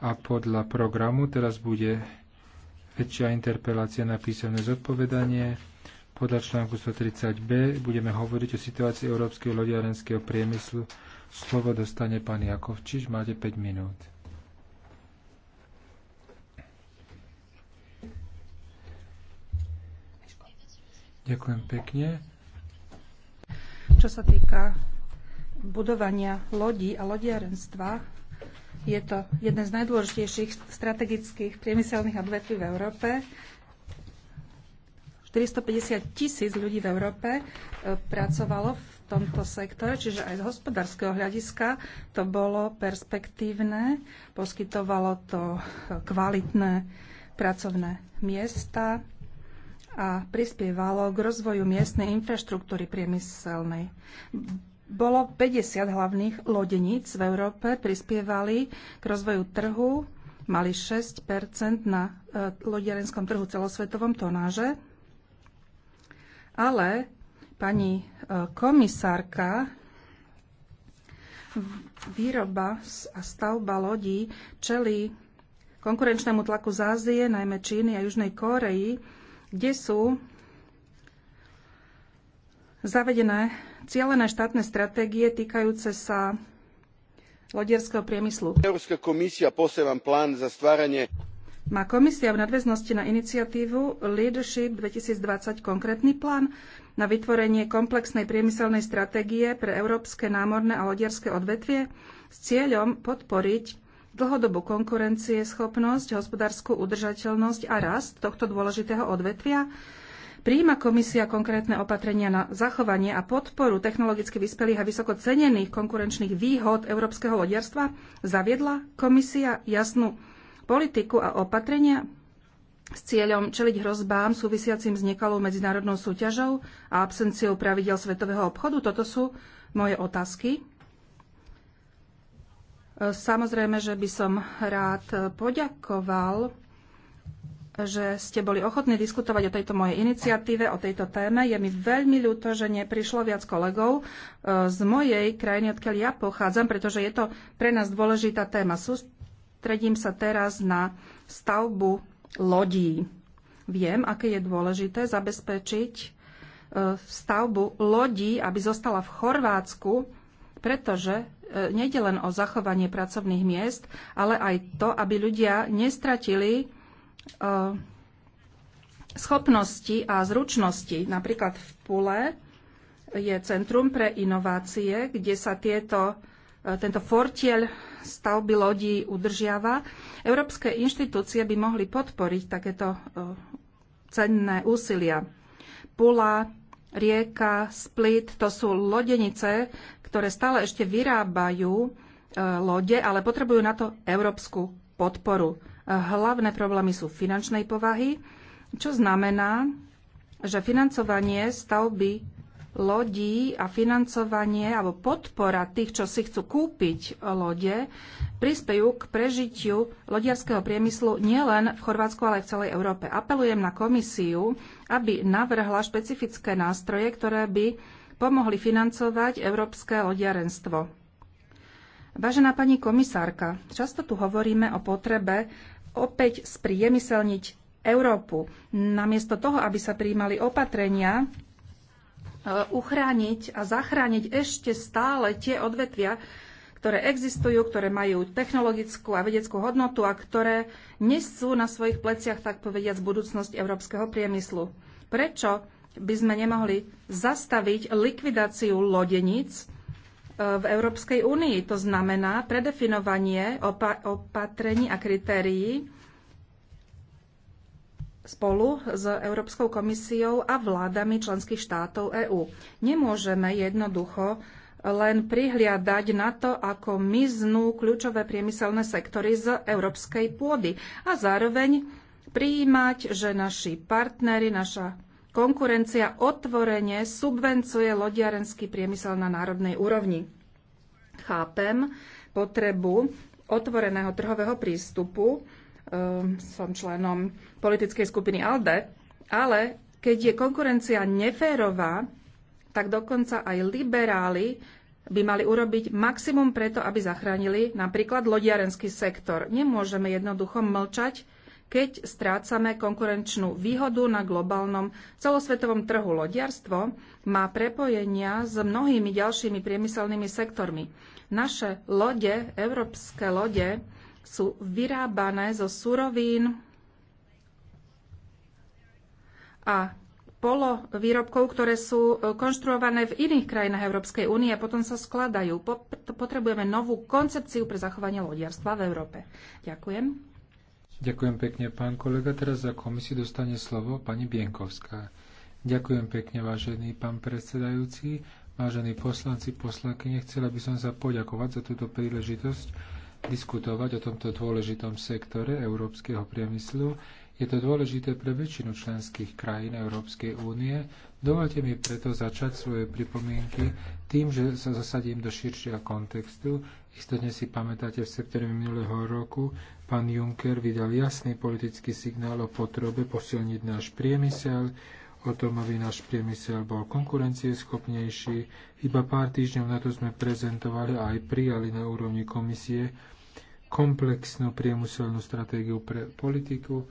a podľa programu teraz bude väčšia interpelácia na písomné zodpovedanie. Podľa článku 130b budeme hovoriť o situácii európskeho lodiarenského priemyslu. Slovo dostane pán Jakovčiš, máte 5 minút. Ďakujem pekne. Čo sa týka budovania lodí a lodiarenstva, je to jeden z najdôležitejších strategických priemyselných odvetví v Európe. 450 tisíc ľudí v Európe e, pracovalo v tomto sektore, čiže aj z hospodárskeho hľadiska to bolo perspektívne, poskytovalo to e, kvalitné pracovné miesta a prispievalo k rozvoju miestnej infraštruktúry priemyselnej bolo 50 hlavných lodeníc v Európe, prispievali k rozvoju trhu, mali 6 na e, lodiarenskom trhu celosvetovom tonáže. Ale pani e, komisárka výroba a stavba lodí čeli konkurenčnému tlaku z Ázie, najmä Číny a Južnej Kóreji, kde sú zavedené cielené štátne stratégie týkajúce sa lodierského priemyslu. Európska komisia plán za stváranie má komisia v nadväznosti na iniciatívu Leadership 2020 konkrétny plán na vytvorenie komplexnej priemyselnej stratégie pre európske námorné a lodierské odvetvie s cieľom podporiť dlhodobú konkurencieschopnosť, hospodárskú udržateľnosť a rast tohto dôležitého odvetvia Prijíma komisia konkrétne opatrenia na zachovanie a podporu technologicky vyspelých a vysoko cenených konkurenčných výhod európskeho lodiarstva? Zaviedla komisia jasnú politiku a opatrenia s cieľom čeliť hrozbám súvisiacim s nekalou medzinárodnou súťažou a absenciou pravidel svetového obchodu? Toto sú moje otázky. Samozrejme, že by som rád poďakoval že ste boli ochotní diskutovať o tejto mojej iniciatíve, o tejto téme. Je mi veľmi ľúto, že neprišlo viac kolegov e, z mojej krajiny, odkiaľ ja pochádzam, pretože je to pre nás dôležitá téma. Sústredím sa teraz na stavbu lodí. Viem, aké je dôležité zabezpečiť e, stavbu lodí, aby zostala v Chorvátsku, pretože e, nejde len o zachovanie pracovných miest, ale aj to, aby ľudia nestratili Eh, schopnosti a zručnosti. Napríklad v Pule je Centrum pre inovácie, kde sa tieto, eh, tento fortiel stavby lodí udržiava. Európske inštitúcie by mohli podporiť takéto eh, cenné úsilia. Pula, rieka, split, to sú lodenice, ktoré stále ešte vyrábajú lode, ale potrebujú na to európsku podporu. Hlavné problémy sú finančnej povahy, čo znamená, že financovanie stavby lodí a financovanie alebo podpora tých, čo si chcú kúpiť lode, prispejú k prežitiu lodiarského priemyslu nielen v Chorvátsku, ale aj v celej Európe. Apelujem na komisiu, aby navrhla špecifické nástroje, ktoré by pomohli financovať európske lodiarenstvo. Vážená pani komisárka, často tu hovoríme o potrebe opäť spriemyselniť Európu. Namiesto toho, aby sa prijímali opatrenia, e, uchrániť a zachrániť ešte stále tie odvetvia, ktoré existujú, ktoré majú technologickú a vedeckú hodnotu a ktoré nesú na svojich pleciach, tak z budúcnosť európskeho priemyslu. Prečo by sme nemohli zastaviť likvidáciu lodeníc, v Európskej únii. To znamená predefinovanie opa- opatrení a kritérií spolu s Európskou komisiou a vládami členských štátov EÚ. Nemôžeme jednoducho len prihliadať na to, ako miznú kľúčové priemyselné sektory z európskej pôdy a zároveň prijímať, že naši partnery, naša konkurencia otvorene subvencuje lodiarenský priemysel na národnej úrovni. Chápem potrebu otvoreného trhového prístupu. Ehm, som členom politickej skupiny ALDE, ale keď je konkurencia neférová, tak dokonca aj liberáli by mali urobiť maximum preto, aby zachránili napríklad lodiarenský sektor. Nemôžeme jednoducho mlčať keď strácame konkurenčnú výhodu na globálnom celosvetovom trhu. Lodiarstvo má prepojenia s mnohými ďalšími priemyselnými sektormi. Naše lode, európske lode, sú vyrábané zo surovín a polovýrobkov, ktoré sú e, konštruované v iných krajinách Európskej únie a potom sa skladajú. Potrebujeme novú koncepciu pre zachovanie lodiarstva v Európe. Ďakujem. Ďakujem pekne, pán kolega. Teraz za komisiu dostane slovo pani Bienkovská. Ďakujem pekne, vážený pán predsedajúci, vážení poslanci, poslankyne. Chcela by som sa poďakovať za túto príležitosť diskutovať o tomto dôležitom sektore európskeho priemyslu. Je to dôležité pre väčšinu členských krajín Európskej únie. Dovolte mi preto začať svoje pripomienky tým, že sa zasadím do širšieho kontextu. Istotne si pamätáte, v septembri minulého roku pán Juncker vydal jasný politický signál o potrebe posilniť náš priemysel, o tom, aby náš priemysel bol konkurencieschopnejší. Iba pár týždňov na to sme prezentovali a aj prijali na úrovni komisie komplexnú priemyselnú stratégiu pre politiku,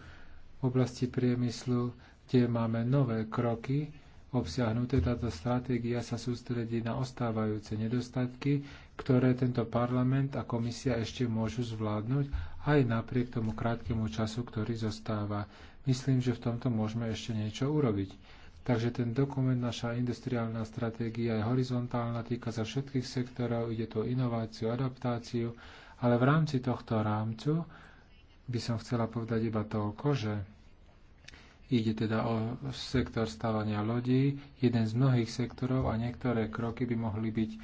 v oblasti priemyslu, kde máme nové kroky obsiahnuté. Táto stratégia sa sústredí na ostávajúce nedostatky, ktoré tento parlament a komisia ešte môžu zvládnuť aj napriek tomu krátkemu času, ktorý zostáva. Myslím, že v tomto môžeme ešte niečo urobiť. Takže ten dokument, naša industriálna stratégia je horizontálna, týka sa všetkých sektorov, ide tu o inováciu, adaptáciu, ale v rámci tohto rámcu by som chcela povedať iba toľko, že ide teda o sektor stavania lodí, jeden z mnohých sektorov a niektoré kroky by mohli byť e,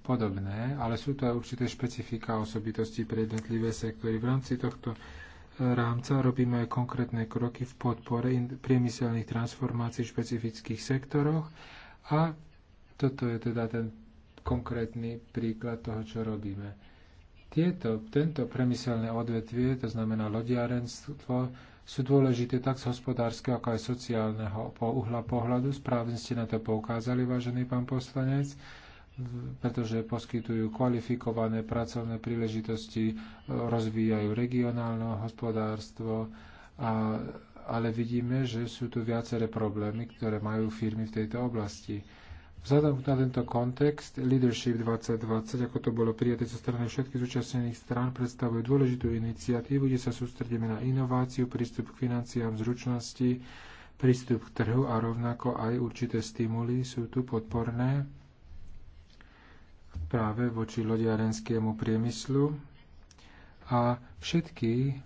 podobné, ale sú to aj určité špecifika osobitosti pre jednotlivé sektory. V rámci tohto e, rámca robíme aj konkrétne kroky v podpore priemyselných transformácií v špecifických sektoroch a toto je teda ten konkrétny príklad toho, čo robíme. Tieto, tento premyselné odvetvie, to znamená lodiarenstvo, sú dôležité tak z hospodárskeho, ako aj sociálneho uhla pohľadu. Správne ste na to poukázali, vážený pán poslanec, pretože poskytujú kvalifikované pracovné príležitosti, rozvíjajú regionálne hospodárstvo, a, ale vidíme, že sú tu viaceré problémy, ktoré majú firmy v tejto oblasti Vzhľadom na tento kontext, Leadership 2020, ako to bolo prijaté zo strany všetkých zúčastnených strán, predstavuje dôležitú iniciatívu, kde sa sústredíme na inováciu, prístup k financiám, zručnosti, prístup k trhu a rovnako aj určité stimuly sú tu podporné práve voči lodiarenskému priemyslu. A všetky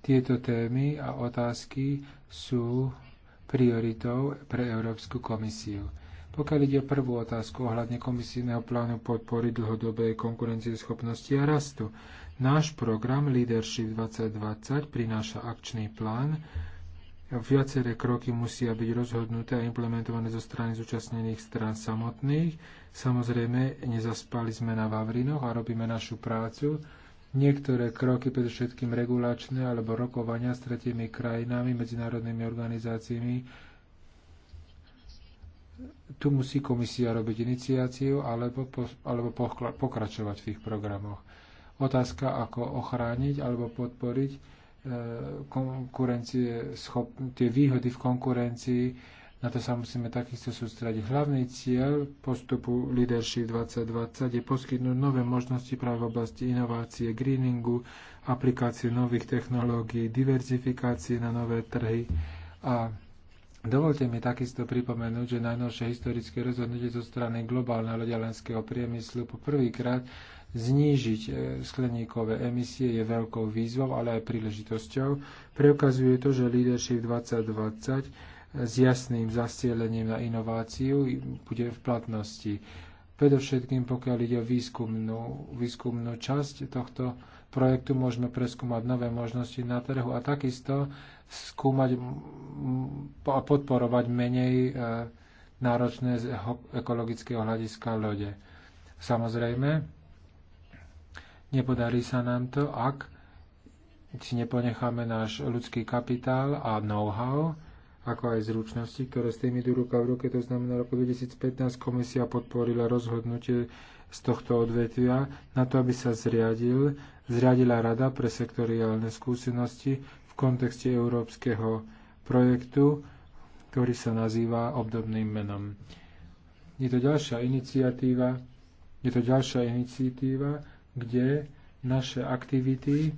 tieto témy a otázky sú prioritou pre Európsku komisiu. Pokiaľ ide o prvú otázku ohľadne komisijného plánu podpory dlhodobej konkurencieschopnosti a rastu, náš program Leadership 2020 prináša akčný plán, Viaceré kroky musia byť rozhodnuté a implementované zo strany zúčastnených strán samotných. Samozrejme, nezaspali sme na Vavrinoch a robíme našu prácu. Niektoré kroky, predovšetkým regulačné alebo rokovania s tretimi krajinami, medzinárodnými organizáciami, tu musí komisia robiť iniciáciu alebo, po, alebo pokračovať v tých programoch. Otázka, ako ochrániť alebo podporiť e, konkurencie, schop, tie výhody v konkurencii, na to sa musíme takisto sústrediť. Hlavný cieľ postupu Leadership 2020 je poskytnúť nové možnosti práve v oblasti inovácie, greeningu, aplikácie nových technológií, diverzifikácie na nové trhy a Dovolte mi takisto pripomenúť, že najnovšie historické rozhodnutie zo strany globálneho ľadelenského priemyslu po prvýkrát znížiť e, skleníkové emisie je veľkou výzvou, ale aj príležitosťou. Preukazuje to, že Leadership 2020 e, s jasným zastielením na inováciu bude v platnosti. Predovšetkým, pokiaľ ide o výskumnú, výskumnú časť tohto projektu, môžeme preskúmať nové možnosti na trhu a takisto skúmať a podporovať menej e, náročné z ekologického hľadiska lode. Samozrejme, nepodarí sa nám to, ak si neponecháme náš ľudský kapitál a know-how, ako aj zručnosti, ktoré s tým idú ruka v ruke. To znamená, roku 2015 komisia podporila rozhodnutie z tohto odvetvia na to, aby sa zriadil, zriadila Rada pre sektoriálne skúsenosti, kontexte európskeho projektu, ktorý sa nazýva obdobným menom. Je to ďalšia iniciatíva, je to ďalšia iniciatíva, kde naše aktivity,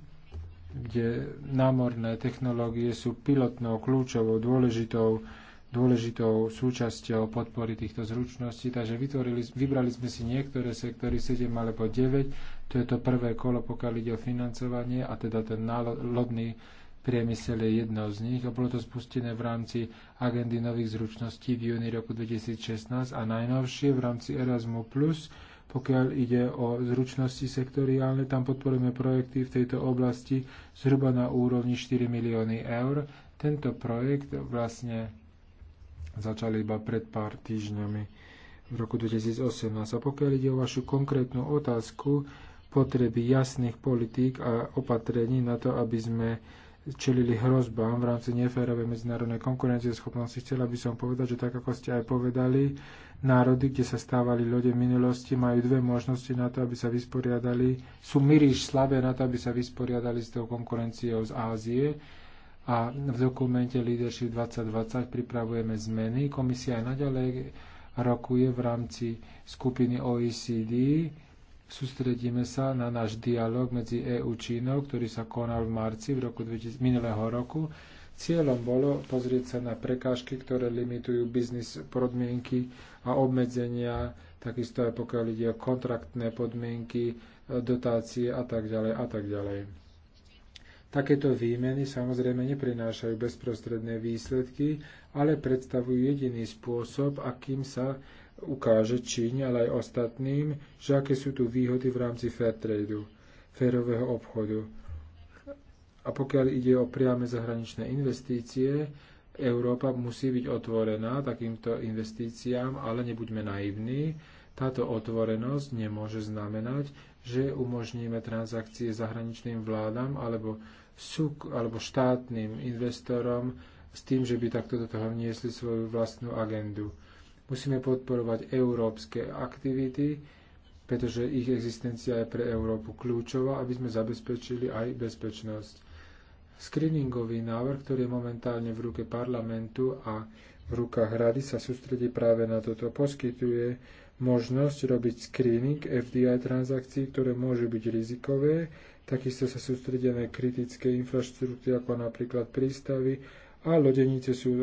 kde námorné technológie sú pilotnou, kľúčovou, dôležitou, dôležitou súčasťou podpory týchto zručností. Takže vytvorili, vybrali sme si niektoré sektory 7 alebo 9. To je to prvé kolo, pokiaľ ide o financovanie a teda ten lodný Priemysel je jednou z nich a bolo to spustené v rámci agendy nových zručností v júni roku 2016 a najnovšie v rámci Erasmus, pokiaľ ide o zručnosti sektoriálne, tam podporujeme projekty v tejto oblasti zhruba na úrovni 4 milióny eur. Tento projekt vlastne začal iba pred pár týždňami v roku 2018. A pokiaľ ide o vašu konkrétnu otázku, potreby jasných politík a opatrení na to, aby sme čelili hrozbám v rámci neférovej medzinárodnej konkurencie schopnosti. Chcela by som povedať, že tak ako ste aj povedali, národy, kde sa stávali lode v minulosti, majú dve možnosti na to, aby sa vysporiadali. Sú myríš slabé na to, aby sa vysporiadali s tou konkurenciou z Ázie. A v dokumente Leadership 2020 pripravujeme zmeny. Komisia aj naďalej rokuje v rámci skupiny OECD Sústredíme sa na náš dialog medzi EU Čínou, ktorý sa konal v marci v roku 2000, minulého roku. Cieľom bolo pozrieť sa na prekážky, ktoré limitujú biznis podmienky a obmedzenia, takisto aj pokiaľ ide o kontraktné podmienky, dotácie a tak ďalej a tak ďalej. Takéto výmeny samozrejme neprinášajú bezprostredné výsledky, ale predstavujú jediný spôsob, akým sa ukáže Číne, ale aj ostatným, že aké sú tu výhody v rámci fair tradu, férového obchodu. A pokiaľ ide o priame zahraničné investície, Európa musí byť otvorená takýmto investíciám, ale nebuďme naivní. Táto otvorenosť nemôže znamenať, že umožníme transakcie zahraničným vládam alebo, súk, alebo štátnym investorom s tým, že by takto do toho vniesli svoju vlastnú agendu. Musíme podporovať európske aktivity, pretože ich existencia je pre Európu kľúčová, aby sme zabezpečili aj bezpečnosť. Screeningový návrh, ktorý je momentálne v ruke parlamentu a v rukách rady, sa sústredí práve na toto. Poskytuje možnosť robiť screening FDI transakcií, ktoré môžu byť rizikové, takisto sa sústredia na kritické infraštruktúry, ako napríklad prístavy a lodenice sú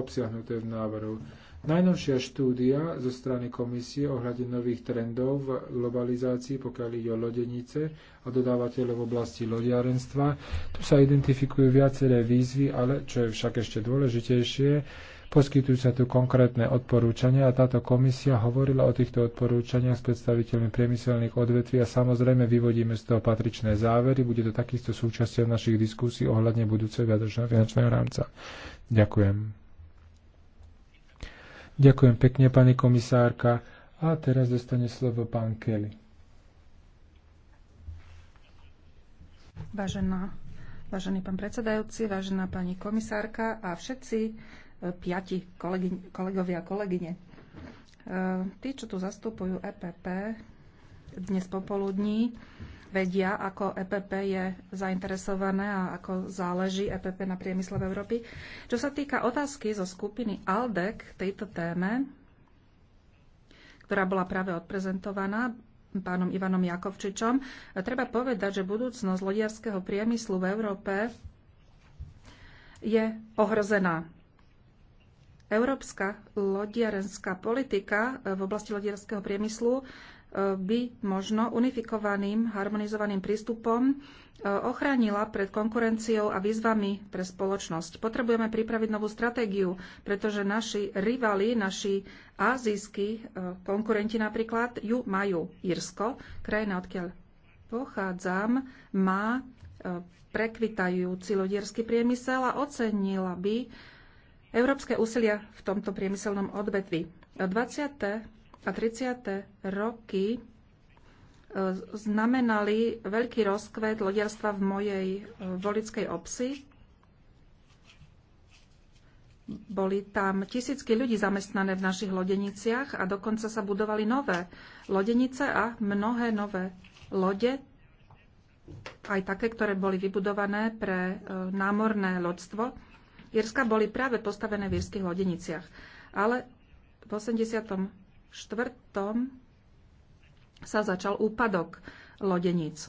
obsiahnuté v návrhu. Najnovšia štúdia zo strany komisie hľade nových trendov v globalizácii, pokiaľ ide o lodenice a dodávateľov v oblasti lodiarenstva, tu sa identifikujú viaceré výzvy, ale čo je však ešte dôležitejšie, Poskytujú sa tu konkrétne odporúčania a táto komisia hovorila o týchto odporúčaniach s predstaviteľmi priemyselných odvetví a samozrejme vyvodíme z toho patričné závery. Bude to takisto súčasťou našich diskusí ohľadne budúceho viadočného finančného rámca. Ďakujem. Ďakujem pekne, pani komisárka. A teraz dostane slovo pán Kelly. Vážená, vážený pán predsedajúci, vážená pani komisárka a všetci e, piati kolegy, kolegovia a kolegyne. E, tí, čo tu zastupujú EPP, dnes popoludní vedia, ako EPP je zainteresované a ako záleží EPP na priemysle v Európy. Čo sa týka otázky zo skupiny ALDEC tejto téme, ktorá bola práve odprezentovaná pánom Ivanom Jakovčičom, treba povedať, že budúcnosť lodiarského priemyslu v Európe je ohrozená. Európska lodiarenská politika v oblasti lodiarského priemyslu by možno unifikovaným, harmonizovaným prístupom e, ochránila pred konkurenciou a výzvami pre spoločnosť. Potrebujeme pripraviť novú stratégiu, pretože naši rivali, naši azijskí e, konkurenti napríklad, ju majú. Írsko, krajina, odkiaľ pochádzam, má e, prekvitajúci lodierský priemysel a ocenila by európske úsilia v tomto priemyselnom odvetvi. 20 a 30. roky e, znamenali veľký rozkvet lodiarstva v mojej e, volickej obci. Boli tam tisícky ľudí zamestnané v našich lodeniciach a dokonca sa budovali nové lodenice a mnohé nové lode, aj také, ktoré boli vybudované pre e, námorné lodstvo. Jirska boli práve postavené v irských lodeniciach. Ale v 80 štvrtom sa začal úpadok lodeníc.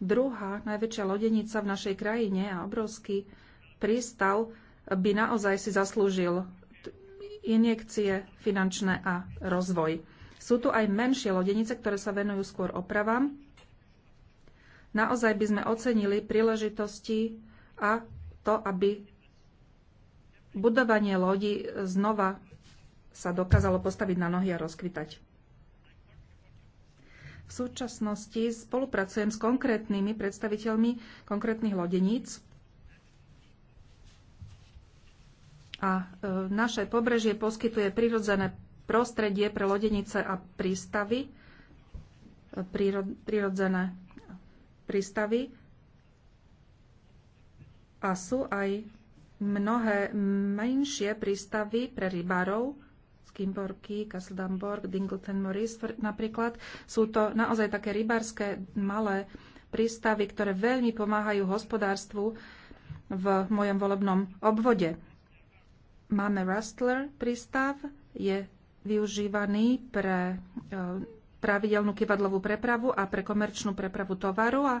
Druhá najväčšia lodenica v našej krajine a obrovský prístav by naozaj si zaslúžil injekcie finančné a rozvoj. Sú tu aj menšie lodenice, ktoré sa venujú skôr opravám. Naozaj by sme ocenili príležitosti a to, aby budovanie lodi znova sa dokázalo postaviť na nohy a rozkvitať. V súčasnosti spolupracujem s konkrétnymi predstaviteľmi konkrétnych lodeníc a e, naše pobrežie poskytuje prirodzené prostredie pre lodenice a prístavy, e, prirodzené prístavy a sú aj mnohé menšie prístavy pre rybárov, Skimborky, Castledamborg, Dingleton Morris napríklad. Sú to naozaj také rybárske malé prístavy, ktoré veľmi pomáhajú hospodárstvu v mojom volebnom obvode. Máme Rustler prístav, je využívaný pre e, pravidelnú kivadlovú prepravu a pre komerčnú prepravu tovaru a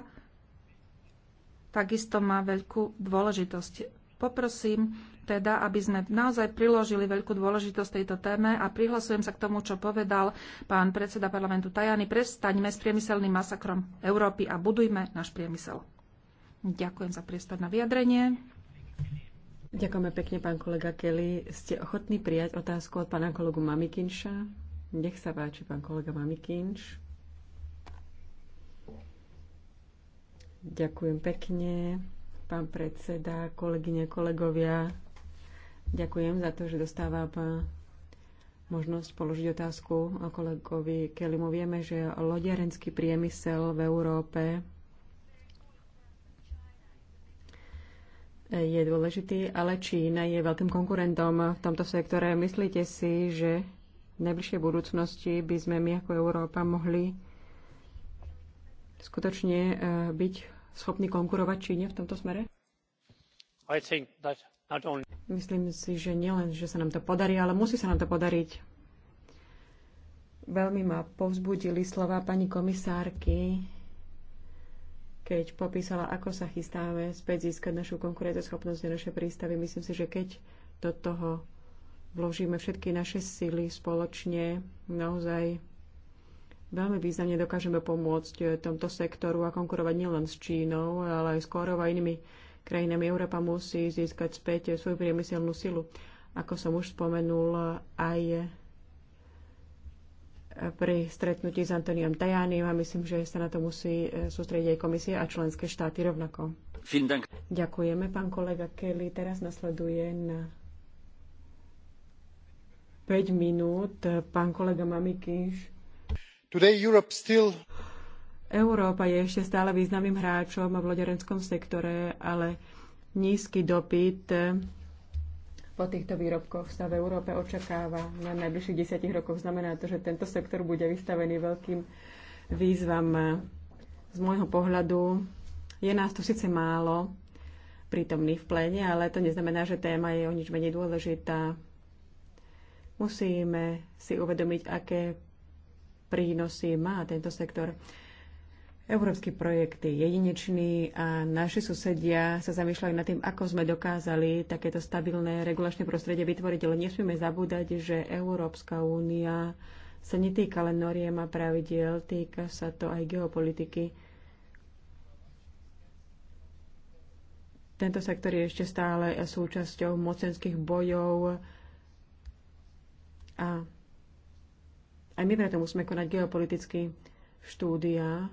takisto má veľkú dôležitosť. Poprosím teda, aby sme naozaj priložili veľkú dôležitosť tejto téme a prihlasujem sa k tomu, čo povedal pán predseda parlamentu Tajany. Prestaňme s priemyselným masakrom Európy a budujme náš priemysel. Ďakujem za priestor na vyjadrenie. Ďakujeme pekne, pán kolega Kelly. Ste ochotní prijať otázku od pána kolegu Mamikinša? Nech sa páči, pán kolega Mamikinš. Ďakujem pekne, pán predseda, kolegyne, kolegovia. Ďakujem za to, že dostáva možnosť položiť otázku kolegovi Kelimu. Vieme, že lodiarenský priemysel v Európe je dôležitý, ale Čína je veľkým konkurentom v tomto sektore. Myslíte si, že v najbližšej budúcnosti by sme my ako Európa mohli skutočne eh, byť schopní konkurovať Číne v tomto smere? I think that Myslím si, že nielen, že sa nám to podarí, ale musí sa nám to podariť. Veľmi ma povzbudili slova pani komisárky, keď popísala, ako sa chystáme späť získať našu konkurentoschopnosť a naše prístavy. Myslím si, že keď do toho vložíme všetky naše sily spoločne, naozaj veľmi významne dokážeme pomôcť eh, tomto sektoru a konkurovať nielen s Čínou, ale aj s Kórou a inými krajinami. Európa musí získať späť svoju priemyselnú silu. Ako som už spomenul, aj pri stretnutí s Antoniom Tajánim a myslím, že sa na to musí eh, sústrediť aj komisie a členské štáty rovnako. Ďakujeme, pán kolega Kelly. Teraz nasleduje na 5 minút eh, pán kolega Mamikýš. Today Europe still Európa je ešte stále významným hráčom v loďarenskom sektore, ale nízky dopyt po týchto výrobkoch sa v Európe očakáva na najbližších desiatich rokoch. Znamená to, že tento sektor bude vystavený veľkým výzvam. Z môjho pohľadu je nás tu síce málo prítomných v plene, ale to neznamená, že téma je o nič menej dôležitá. Musíme si uvedomiť, aké prínosy má tento sektor. Európsky projekt je jedinečný a naši susedia sa zamýšľajú nad tým, ako sme dokázali takéto stabilné regulačné prostredie vytvoriť, ale nesmieme zabúdať, že Európska únia sa netýka len noriem a pravidiel, týka sa to aj geopolitiky. Tento sektor je ešte stále súčasťou mocenských bojov a aj my preto musíme konať geopolitické štúdia,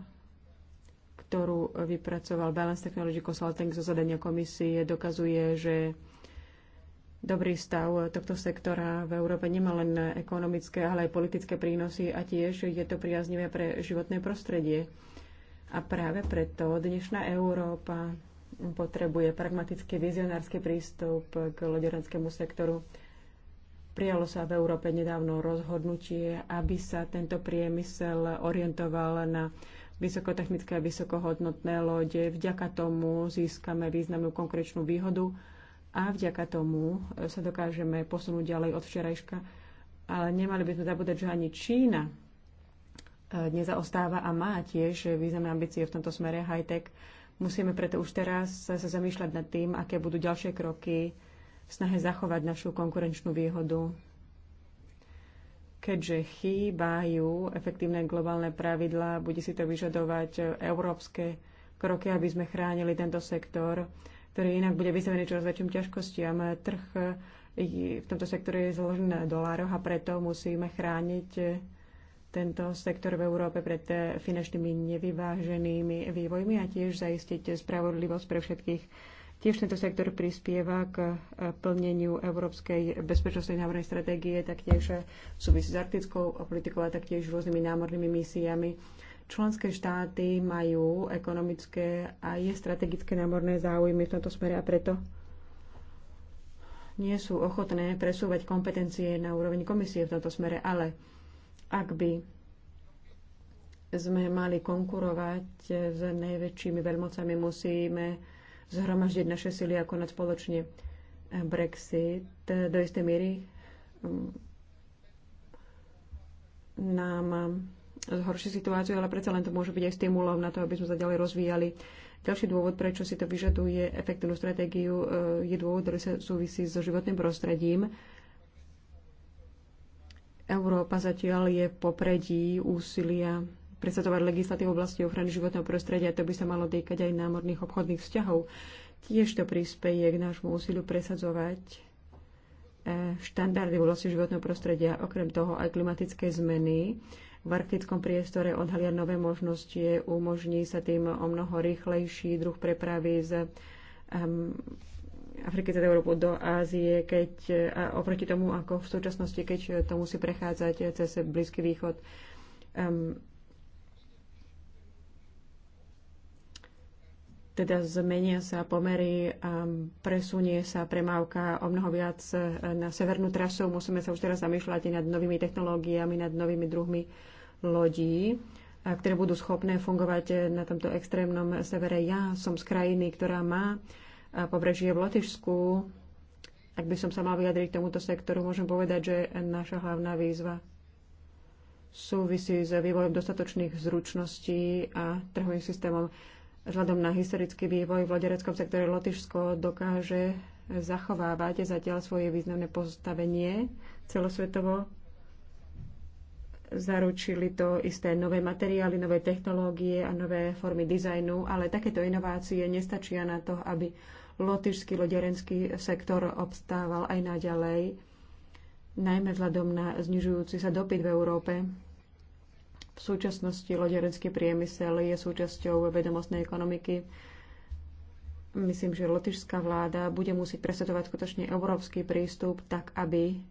ktorú e, vypracoval Balance Technology Consulting zo zadania komisie, dokazuje, že dobrý stav e, tohto sektora v Európe nemá len ekonomické, ale aj politické prínosy a tiež je to priaznivé pre životné prostredie. A práve preto dnešná Európa potrebuje pragmatický vizionársky prístup k lodorenskému sektoru. Prijalo sa v Európe nedávno rozhodnutie, aby sa tento priemysel orientoval na vysokotechnické a vysokohodnotné lode. Vďaka tomu získame významnú konkurenčnú výhodu a vďaka tomu e, sa dokážeme posunúť ďalej od včerajška. Ale nemali by sme zabúdať, že ani Čína e, nezaostáva a má tiež významné ambície v tomto smere high-tech. Musíme preto už teraz sa zamýšľať nad tým, aké budú ďalšie kroky v snahe zachovať našu konkurenčnú výhodu keďže chýbajú efektívne globálne pravidlá, bude si to vyžadovať európske kroky, aby sme chránili tento sektor, ktorý inak bude vystavený čoraz väčším ťažkostiam. Trh v tomto sektore je zložený na dolároch a preto musíme chrániť tento sektor v Európe pred finančnými nevyváženými vývojmi a tiež zaistiť spravodlivosť pre všetkých Tiež tento sektor prispieva k e, plneniu Európskej bezpečnostnej námornej stratégie, taktiež v e, súvisí s arktickou politikou a taktiež rôznymi námornými misiami. Členské štáty majú ekonomické a je strategické námorné záujmy v tomto smere a preto nie sú ochotné presúvať kompetencie na úroveň komisie v tomto smere, ale ak by sme mali konkurovať s najväčšími veľmocami, musíme zhromaždiť naše sily a konať spoločne. Brexit do istej miery mm, nám zhorší situáciu, ale predsa len to môže byť aj stimulom na to, aby sme sa ďalej rozvíjali. Ďalší dôvod, prečo si to vyžaduje efektívnu stratégiu, e, je dôvod, ktorý sa súvisí so životným prostredím. Európa zatiaľ je v popredí úsilia presadzovať legislatívu v oblasti ochrany životného prostredia. To by sa malo týkať aj námorných obchodných vzťahov. Tiež to prispieje k nášmu úsiliu presadzovať e, štandardy v oblasti životného prostredia. Okrem toho aj klimatické zmeny v arktickom priestore odhalia nové možnosti, umožní sa tým o mnoho rýchlejší druh prepravy z um, Afriky za Európu do Ázie, keď e, a oproti tomu, ako v súčasnosti, keď to musí prechádzať cez Blízky východ. Um, Teda zmenia sa pomery, presunie sa premávka o mnoho viac e, na severnú trasu. Musíme sa už teraz zamýšľať nad novými technológiami, nad novými druhmi lodí, ktoré budú schopné fungovať e, na tomto extrémnom severe. Ja som z krajiny, ktorá má e, pobrežie v Lotyšsku. Ak by som sa mal vyjadriť k tomuto sektoru, môžem povedať, že naša hlavná výzva súvisí s vývojom dostatočných zručností a trhovým systémom. Vzhľadom na historický vývoj v loďareckom sektore Lotyšsko dokáže zachovávať zatiaľ svoje významné postavenie celosvetovo. Zaručili to isté nové materiály, nové technológie a nové formy dizajnu, ale takéto inovácie nestačia na to, aby lotyšský loďarenský sektor obstával aj naďalej, najmä vzhľadom na znižujúci sa dopyt v Európe. V súčasnosti loďarenský priemysel je súčasťou vedomostnej ekonomiky. Myslím, že lotyšská vláda bude musieť presetovať skutočne európsky prístup tak, aby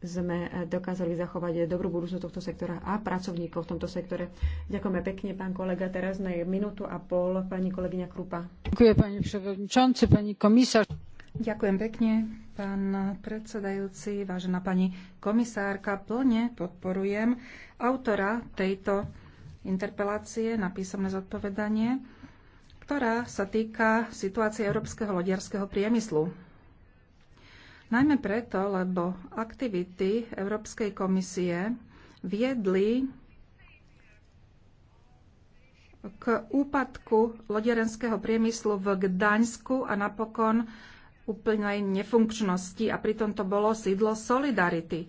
sme dokázali zachovať dobrú budúcnosť tohto sektora a pracovníkov v tomto sektore. Ďakujeme pekne, pán kolega. Teraz na minútu a pol pani kolegyňa Krupa. Ďakujem, pani predsedajúca, pani komisár. Ďakujem pekne, pán predsedajúci, vážená pani komisárka. Plne podporujem autora tejto interpelácie na písomné zodpovedanie, ktorá sa týka situácie európskeho lodiarského priemyslu. Najmä preto, lebo aktivity Európskej komisie viedli k úpadku lodierenského priemyslu v Gdaňsku a napokon úplnej nefunkčnosti a pritom to bolo sídlo Solidarity. E,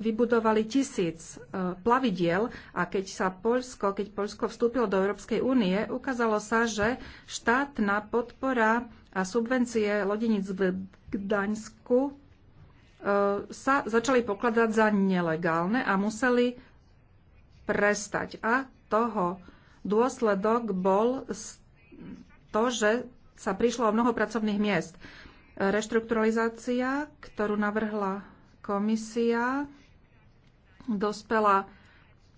vybudovali tisíc e, plavidiel a keď sa Polsko, keď Polsko vstúpilo do Európskej únie, ukázalo sa, že štátna podpora a subvencie lodeníc v Gdaňsku e, sa začali pokladať za nelegálne a museli prestať. A toho dôsledok bol to, že sa prišlo o mnoho pracovných miest. Reštrukturalizácia, ktorú navrhla komisia, dospela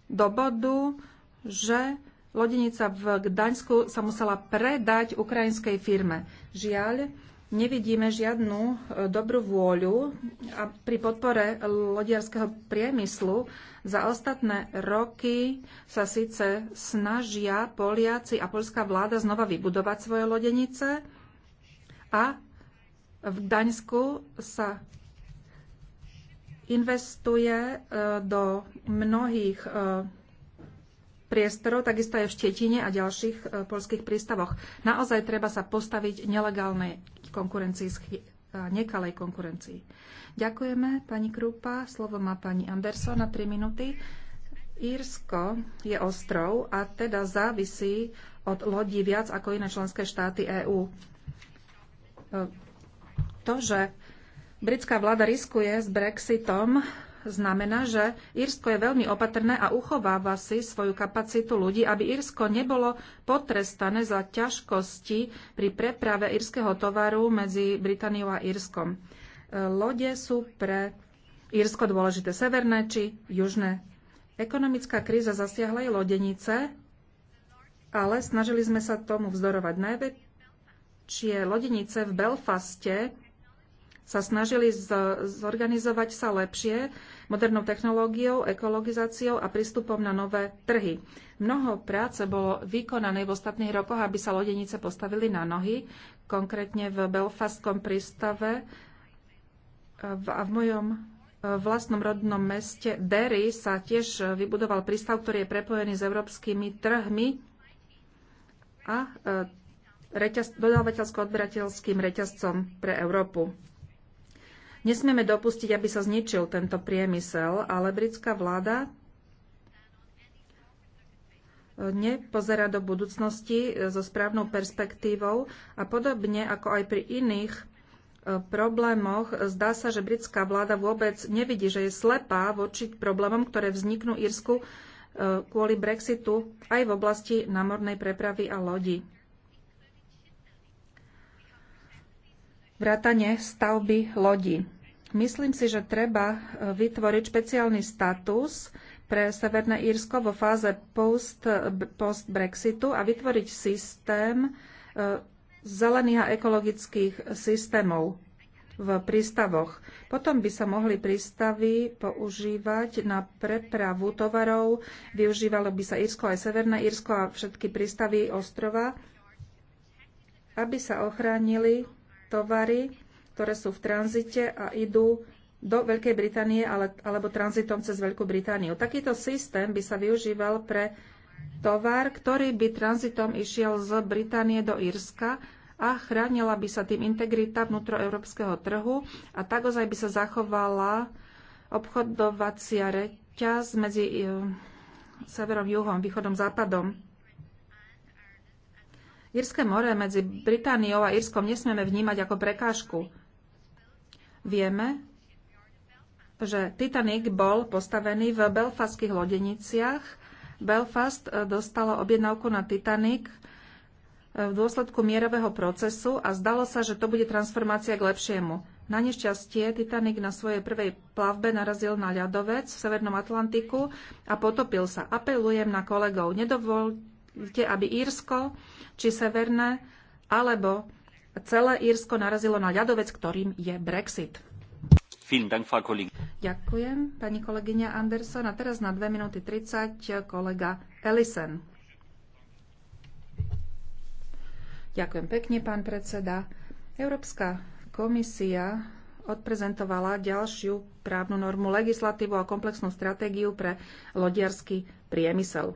do bodu, že lodenica v Gdaňsku sa musela predať ukrajinskej firme. Žiaľ, nevidíme žiadnu e, dobrú vôľu a pri podpore lodiarského priemyslu za ostatné roky sa síce snažia Poliaci a polská vláda znova vybudovať svoje lodenice a v Gdaňsku sa investuje e, do mnohých e, priestorov, takisto aj v Štetine a ďalších polských prístavoch. Naozaj treba sa postaviť nelegálnej konkurencii, e, nekalej konkurencii. Ďakujeme, pani Krúpa. Slovo má pani Anderson na 3 minúty. Írsko je ostrov a teda závisí od lodí viac ako iné členské štáty EÚ. E, to, že britská vláda riskuje s Brexitom, znamená, že Írsko je veľmi opatrné a uchováva si svoju kapacitu ľudí, aby Írsko nebolo potrestané za ťažkosti pri preprave írskeho tovaru medzi Britániou a Írskom. E, lode sú pre Írsko dôležité severné či južné. Ekonomická kríza zasiahla aj lodenice, ale snažili sme sa tomu vzdorovať. Najväčšie lodenice v Belfaste sa snažili zorganizovať sa lepšie modernou technológiou, ekologizáciou a prístupom na nové trhy. Mnoho práce bolo vykonané v ostatných rokoch, aby sa lodenice postavili na nohy, konkrétne v Belfastskom prístave e, a v mojom e, vlastnom rodnom meste Derry sa tiež vybudoval prístav, ktorý je prepojený s európskymi trhmi a e, reťaz, dodávateľsko-odberateľským reťazcom pre Európu. Nesmieme dopustiť, aby sa zničil tento priemysel, ale britská vláda nepozerá do budúcnosti so správnou perspektívou a podobne ako aj pri iných e, problémoch zdá sa, že britská vláda vôbec nevidí, že je slepá voči problémom, ktoré vzniknú Írsku e, kvôli Brexitu aj v oblasti námornej prepravy a lodí. vrátane stavby lodi. Myslím si, že treba e, vytvoriť špeciálny status pre Severné Írsko vo fáze post, e, post-Brexitu a vytvoriť systém e, zelených a ekologických systémov v prístavoch. Potom by sa mohli prístavy používať na prepravu tovarov, využívalo by sa Írsko aj Severné Írsko a všetky prístavy ostrova, aby sa ochránili tovary, ktoré sú v tranzite a idú do Veľkej Británie ale, alebo tranzitom cez Veľkú Britániu. Takýto systém by sa využíval pre tovar, ktorý by tranzitom išiel z Británie do Írska a chránila by sa tým integrita vnútroeurópskeho trhu a tak ozaj by sa zachovala obchodovacia reťaz medzi eh, severom, juhom, východom, západom. Írske more medzi Britániou a Írskom nesmieme vnímať ako prekážku. Vieme, že Titanic bol postavený v belfastských lodeniciach. Belfast eh, dostalo objednávku na Titanic eh, v dôsledku mierového procesu a zdalo sa, že to bude transformácia k lepšiemu. Na nešťastie Titanic na svojej prvej plavbe narazil na ľadovec v Severnom Atlantiku a potopil sa. Apelujem na kolegov, nedovolte aby Írsko či Severné alebo celé Írsko narazilo na ľadovec, ktorým je Brexit. Ďakujem, pani kolegyňa Anderson. A teraz na 2 minúty 30 kolega Ellison. Ďakujem pekne, pán predseda. Európska komisia odprezentovala ďalšiu právnu normu, legislatívu a komplexnú stratégiu pre lodiarský priemysel.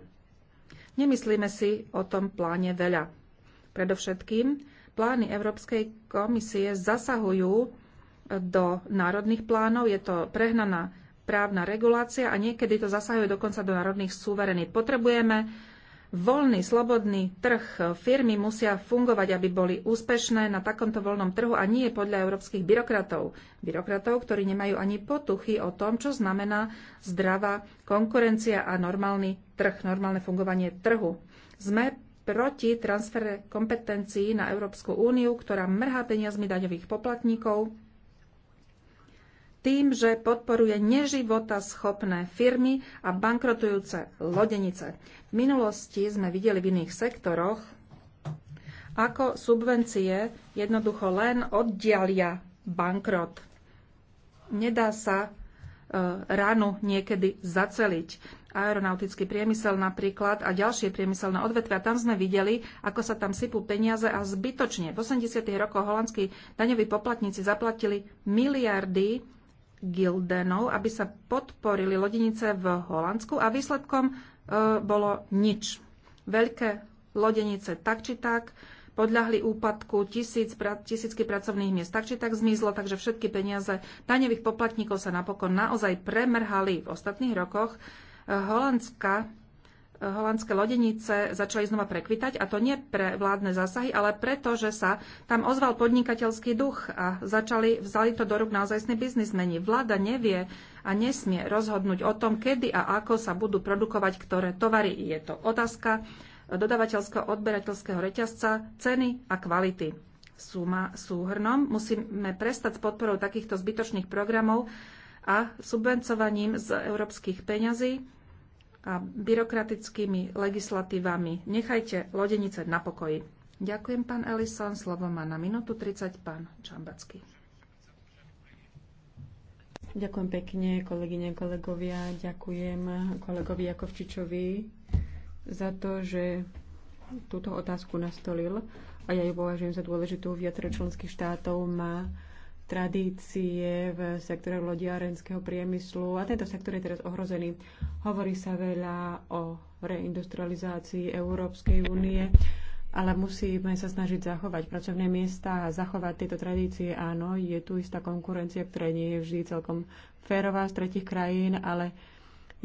Nemyslíme si o tom pláne veľa. Predovšetkým plány Európskej komisie zasahujú do národných plánov. Je to prehnaná právna regulácia a niekedy to zasahuje dokonca do národných suverenít. Potrebujeme voľný, slobodný trh. Firmy musia fungovať, aby boli úspešné na takomto voľnom trhu a nie podľa európskych byrokratov. Byrokratov, ktorí nemajú ani potuchy o tom, čo znamená zdravá konkurencia a normálny trh, normálne fungovanie trhu. Sme proti transfere kompetencií na Európsku úniu, ktorá mrhá peniazmi daňových poplatníkov, tým, že podporuje neživota schopné firmy a bankrotujúce lodenice. V minulosti sme videli v iných sektoroch, ako subvencie jednoducho len oddialia bankrot. Nedá sa e, ránu niekedy zaceliť aeronautický priemysel napríklad a ďalšie priemyselné odvetvia. Tam sme videli, ako sa tam sypú peniaze a zbytočne. V 80. rokoch holandskí daňoví poplatníci zaplatili miliardy Gildenov, aby sa podporili lodenice v Holandsku a výsledkom e, bolo nič. Veľké lodenice tak či tak podľahli úpadku, tisíc, tisícky pracovných miest tak či tak zmizlo, takže všetky peniaze daňových poplatníkov sa napokon naozaj premrhali v ostatných rokoch. E, Holandská holandské lodenice začali znova prekvitať a to nie pre vládne zásahy, ale preto, že sa tam ozval podnikateľský duch a začali, vzali to do rúk naozajstní biznismeni. Vláda nevie a nesmie rozhodnúť o tom, kedy a ako sa budú produkovať ktoré tovary. Je to otázka dodavateľského odberateľského reťazca, ceny a kvality. Súma, súhrnom musíme prestať s podporou takýchto zbytočných programov a subvencovaním z európskych peňazí a byrokratickými legislatívami. Nechajte lodenice na pokoji. Ďakujem, pán Ellison. Slovo má na minútu 30 pán Čambacký. Ďakujem pekne, kolegyne, kolegovia. Ďakujem kolegovi Jakovčičovi za to, že túto otázku nastolil a ja ju považujem za dôležitú. Viacero členských štátov má tradície v sektore lodiarenského priemyslu a tento sektor je teraz ohrozený. Hovorí sa veľa o reindustrializácii Európskej únie, ale musíme sa snažiť zachovať pracovné miesta a zachovať tieto tradície. Áno, je tu istá konkurencia, ktorá nie je vždy celkom férová z tretich krajín, ale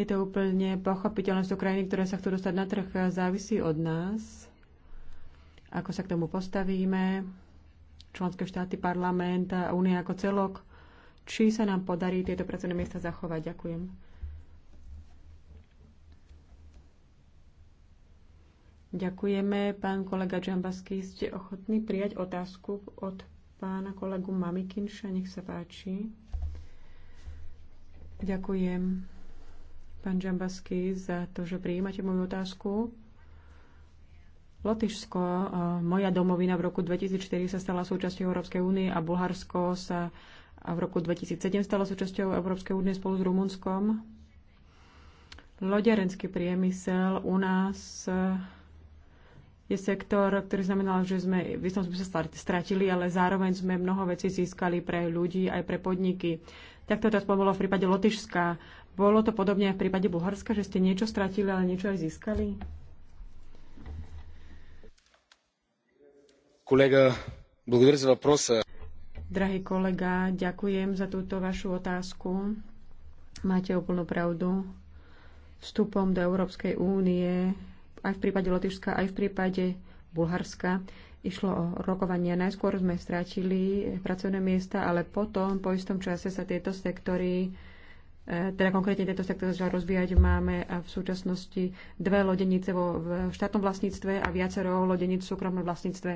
je to úplne pochopiteľné. Sú krajiny, ktoré sa chcú dostať na trh, závisí od nás, ako sa k tomu postavíme členské štáty, parlament a únia ako celok, či sa nám podarí tieto pracovné miesta zachovať. Ďakujem. Ďakujeme. Pán kolega Džambasky, ste ochotní prijať otázku od pána kolegu Mamikinša? Nech sa páči. Ďakujem, pán Džambasky, za to, že prijímate moju otázku. Lotyšsko, e, moja domovina v roku 2004 sa stala súčasťou Európskej únie a Bulharsko sa v roku 2007 stalo súčasťou Európskej únie spolu s Rumunskom. Loďarenský priemysel u nás e, je sektor, ktorý znamenal, že sme v istom sa stratili, ale zároveň sme mnoho vecí získali pre ľudí aj pre podniky. Takto to aspoň bolo v prípade Lotyšska. Bolo to podobne aj v prípade Bulharska, že ste niečo stratili, ale niečo aj získali? Kolega, благодаря за въпроса. Drahý kolega, ďakujem za túto vašu otázku. Máte úplnú pravdu. Vstupom do Európskej únie, aj v prípade Lotyšska, aj v prípade Bulharska, išlo o rokovania. Najskôr sme strátili pracovné miesta, ale potom, po istom čase sa tieto sektory e, teda konkrétne tieto sektory začal rozvíjať. Máme a e, v súčasnosti dve lodenice vo v štátnom vlastníctve a viacero lodenic v súkromnom vlastníctve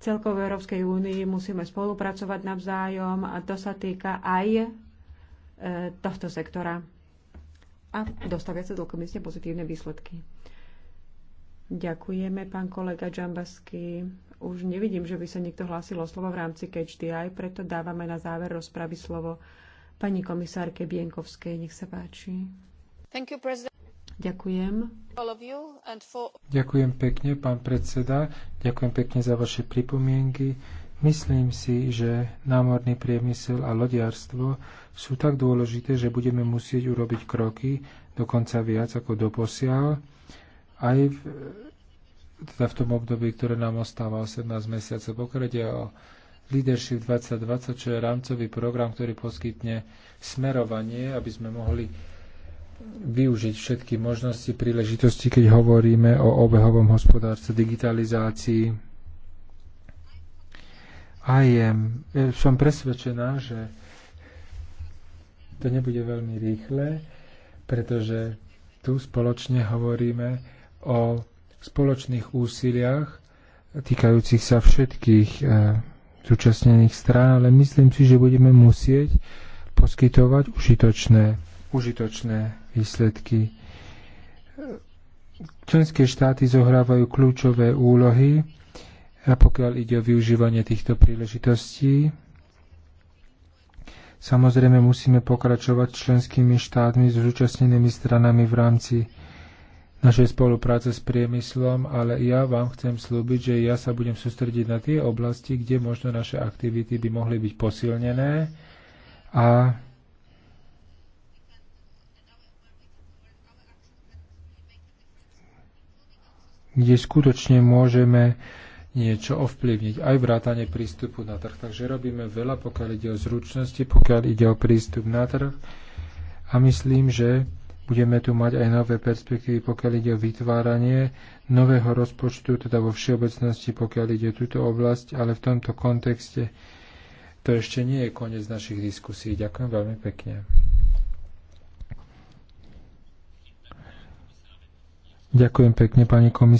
celkovo Európskej únii musíme spolupracovať navzájom a to sa týka aj e, tohto sektora a dostavia sa celkom iste pozitívne výsledky. Ďakujeme, pán kolega Džambasky. Už nevidím, že by sa niekto hlásil o slovo v rámci KHDI, preto dávame na záver rozpravy slovo pani komisárke Bienkovskej. Nech sa páči. Thank you, president. Ďakujem. Ďakujem pekne, pán predseda. Ďakujem pekne za vaše pripomienky. Myslím si, že námorný priemysel a lodiarstvo sú tak dôležité, že budeme musieť urobiť kroky, dokonca viac ako doposiaľ, aj v, teda v tom období, ktoré nám ostáva 18 mesiacov. Pokrade o Leadership 2020, čo je rámcový program, ktorý poskytne smerovanie, aby sme mohli využiť všetky možnosti, príležitosti, keď hovoríme o obehovom hospodárstve, digitalizácii. A e, som presvedčená, že to nebude veľmi rýchle, pretože tu spoločne hovoríme o spoločných úsiliach týkajúcich sa všetkých e, zúčastnených strán, ale myslím si, že budeme musieť poskytovať užitočné užitočné výsledky. Členské štáty zohrávajú kľúčové úlohy, a pokiaľ ide o využívanie týchto príležitostí. Samozrejme musíme pokračovať členskými štátmi s zúčastnenými stranami v rámci našej spolupráce s priemyslom, ale ja vám chcem slúbiť, že ja sa budem sústrediť na tie oblasti, kde možno naše aktivity by mohli byť posilnené a kde skutočne môžeme niečo ovplyvniť, aj vrátanie prístupu na trh. Takže robíme veľa, pokiaľ ide o zručnosti, pokiaľ ide o prístup na trh. A myslím, že budeme tu mať aj nové perspektívy, pokiaľ ide o vytváranie nového rozpočtu, teda vo všeobecnosti, pokiaľ ide o túto oblasť, ale v tomto kontexte to ešte nie je koniec našich diskusí. Ďakujem veľmi pekne. Ďakujem pekne, pani komisár.